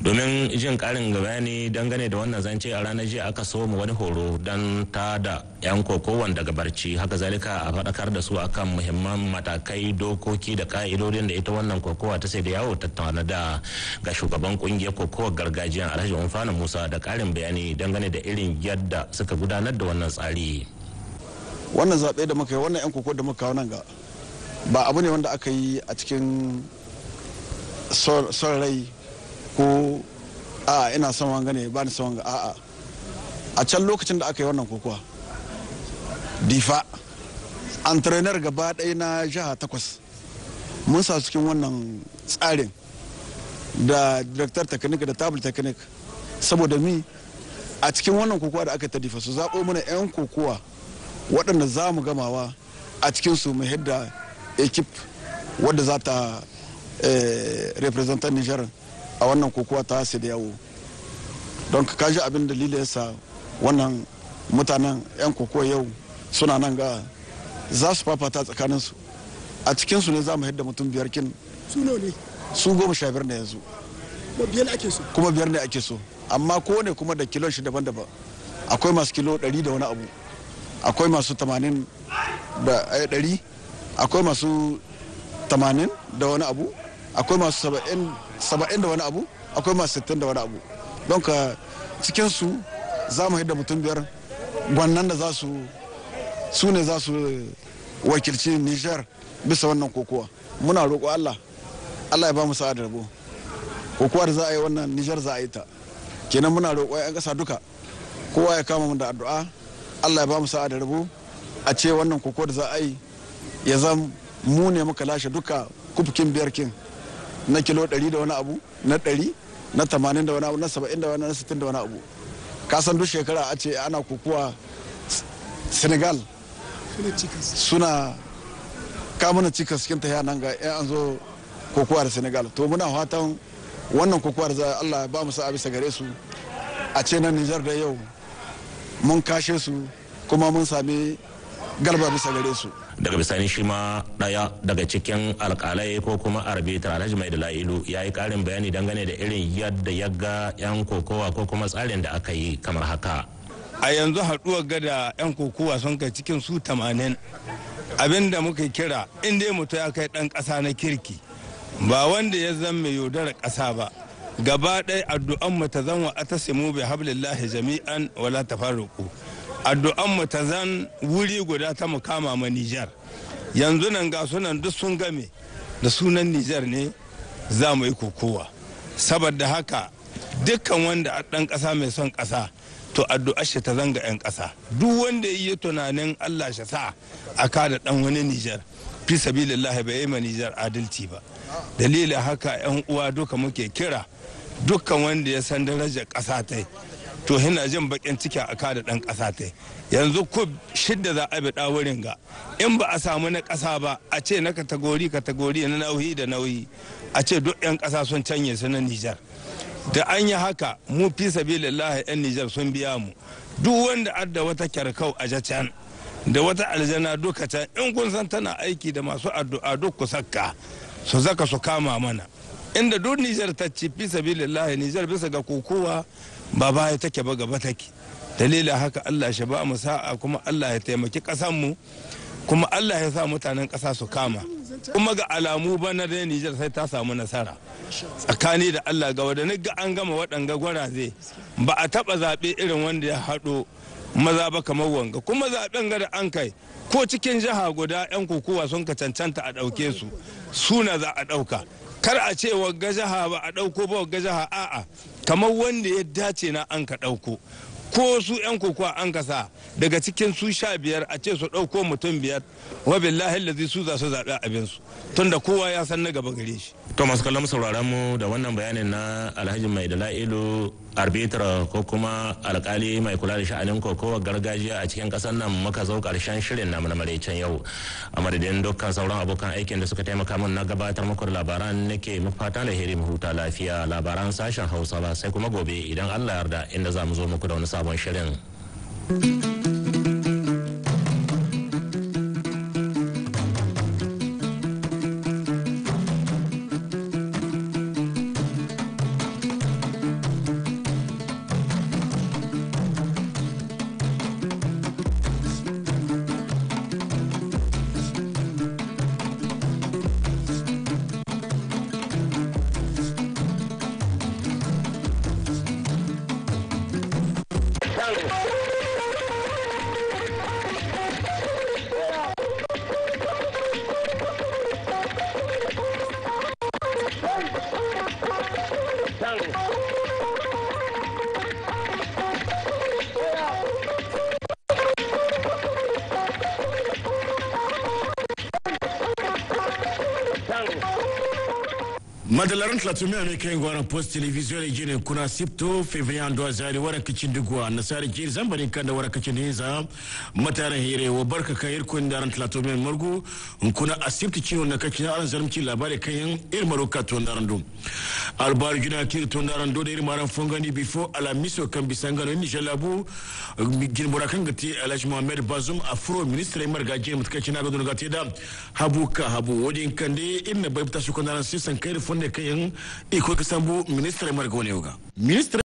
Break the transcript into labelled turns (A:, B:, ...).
A: domin jin karin bayani dangane da wannan zance a ranar jiya aka so mu wani horo don ta da 'yan kokowan daga barci haka zalika a faɗakar da su akan muhimman matakai dokoki da ka'idodin da ita wannan kokowa ta sai da yawo tattauna da ga shugaban kungiyar kokowar gargajiya alhaji umfana musa da karin bayani dangane da irin yadda suka gudanar da wannan tsari
B: wannan zaɓe da muka yi wannan 'yan koko da muka kawo nan ga ba abu ne wanda aka yi a cikin son rai ko a ina son wanga ne ba ni son wanga a'a a can lokacin da aka yi wannan kokowa difa entrepreneur gaba ɗaya na jiha takwas mun sa cikin wannan tsarin da director technique da table technique saboda mi a cikin wannan kokowa da aka ta difa su zaɓo mana 'yan kokowa waɗanda za mu gamawa a cikin su mu hidda ekip wadda za ta eh, representar nijar a wannan kokowa ta hasi da yawo don ka kaji abin dalilin sa wannan mutanen 'yan kokowa yau suna nan ga za su fafata su a cikin su ne za mu hidda mutum biyar kin su goma sha biyar ne yanzu kuma biyar ne ake so amma kowane kuma da kilon shi daban-daban akwai masu kilo dari da wani abu akwai masu tamanin da 100 eh, akwai masu tamanin da wani abu akwai masu saba'in da wani abu akwai masu sittin da wani abu don ka cikinsu za mu haida mutum biyar gwannan da za su su ne za su wakilci nijar bisa wannan kokowa muna roƙo allah allah ya ba mu sa'a da rabo kokowa da za a yi wannan nijar za a yi ta kenan muna roƙo 'yan ƙasa duka kowa ya kama mu da addu'a allah ya ba mu sa'a da rabo a ce wannan kokowa da za a yi ya zama mu ne muka lashe duka kufkin biyar kin na kilo 100 da wani abu na 100 na 80 da wani abu na 70 da wani na 60 da wani abu ka san duk shekara a ce ana kukuwa senegal suna kamuna cika cikin ta nan ga an zo kokowa da senegal to muna fatan wannan kokowar za allah ba mu sa'a bisa gare su a ce nan nijar da yau mun kashe su kuma mun sami galba bisa gare su
A: daga bisani shi ma daya daga cikin alkalai ko kuma arbitra alhaji mai dala'ilu ya yi karin bayani dangane da irin
C: yadda ya ga 'yan kokowa ko kuma tsarin da aka yi kamar haka a yanzu haɗuwar gada 'yan kokowa sun kai cikin su 80 da muka kira inda ya mutu ya kai ɗan ƙasa na kirki ba wanda ya zama yaudara kasa ba gaba ɗaya addu'an mu ta zama a tasimu simu bi hablillahi jami'an wala tafarruku mu ta zan wuri guda ta mukama ma Nijar yanzu nan ga sunan duk sun game da sunan Nijar ne za mu yi kokowa saboda haka dukkan wanda a ɗan ƙasa mai son ƙasa to addu'ar shi ta zanga 'yan ƙasa duk wanda yi tunanin Allah shi sa a kada ɗan wani Nijar fi sabilillahi bai yi ma Nijar adalci ba dalilin haka 'yan uwa duka muke kira dukkan wanda ya san darajar ƙasa ta to hina jin bakin ciki a kada dan kasa ta yanzu ku shidda za a bi wurin ga in ba a samu na kasa ba a ce na katagori katagori na nauyi da nauyi a ce duk yan kasa sun canye su na Nijar da an yi haka mu fi sabilillahi yan Nijar sun biya mu duk wanda adda wata kyarkau a jacan da wata aljana duka can in kun san tana aiki da masu addu'a duk ku sakka su zaka su kama mana inda duk Nijar ta ci fi sabilillahi Nijar bisa ga kokowa ba baya take ba gaba take dalilin haka Allah ya shaba mu sa'a kuma Allah ya taimaki ƙasar mu kuma Allah ya sa mutanen kasa su kama kuma ga alamu ba na dai Nijar sai ta samu nasara tsakani da Allah ga wadda ga an gama waɗanga gwaraze ba a taɓa zaɓe irin wanda ya haɗo maza ba kamar wanga kuma zaɓen ga da an kai ko cikin jiha guda 'yan kukuwa sun ka cancanta a ɗauke su suna za a ɗauka kar a ce wagga jiha ba a ɗauko ba wagga jiha a'a kamar wanda ya dace na an ka ɗauko ko su 'yan kokowa an kasa daga cikin su sha biyar a ce su ɗauko mutum biyar wa billahi lazi su za su zaɓi abinsu tunda kowa ya san na gaba gare shi.
A: to masu kallon sauraron mu da wannan bayanin na alhaji mai da la'ilu arbitra ko kuma alkali mai kula da sha'anin kokowa gargajiya a cikin kasar nan muka zo ƙarshen shirin namu na maraicen yau a madadin dukkan sauran abokan aikin da suka taimaka min na gabatar muku da labaran nake mafata da heri mu huta lafiya labaran sashen hausa sai kuma gobe idan allah yarda inda za mu zo muku da wani sabon shirin. Friday. Madalarun 300 mkengo na post televizion ijine kuna sipto fevrian fevriando azari wara kichindigwa na sari jir zambani kanda wara kichindiza matara hire wa barka kair daran tlatumi morgu kuna asipti chino na kachina aran zarim chi labari kayan irmaro ka tondarandu albar jina kir tondarandu da maran fungani bifo ala miso kambisanga no nijalabu ginbora kangati alaj mohamed bazum afro imar marga jir matkachina gadunga teda habuka habu
C: wodin kande irna baybta sukandaran sisan kair fon de ka yen iko kisambu ministre margoneuga ministre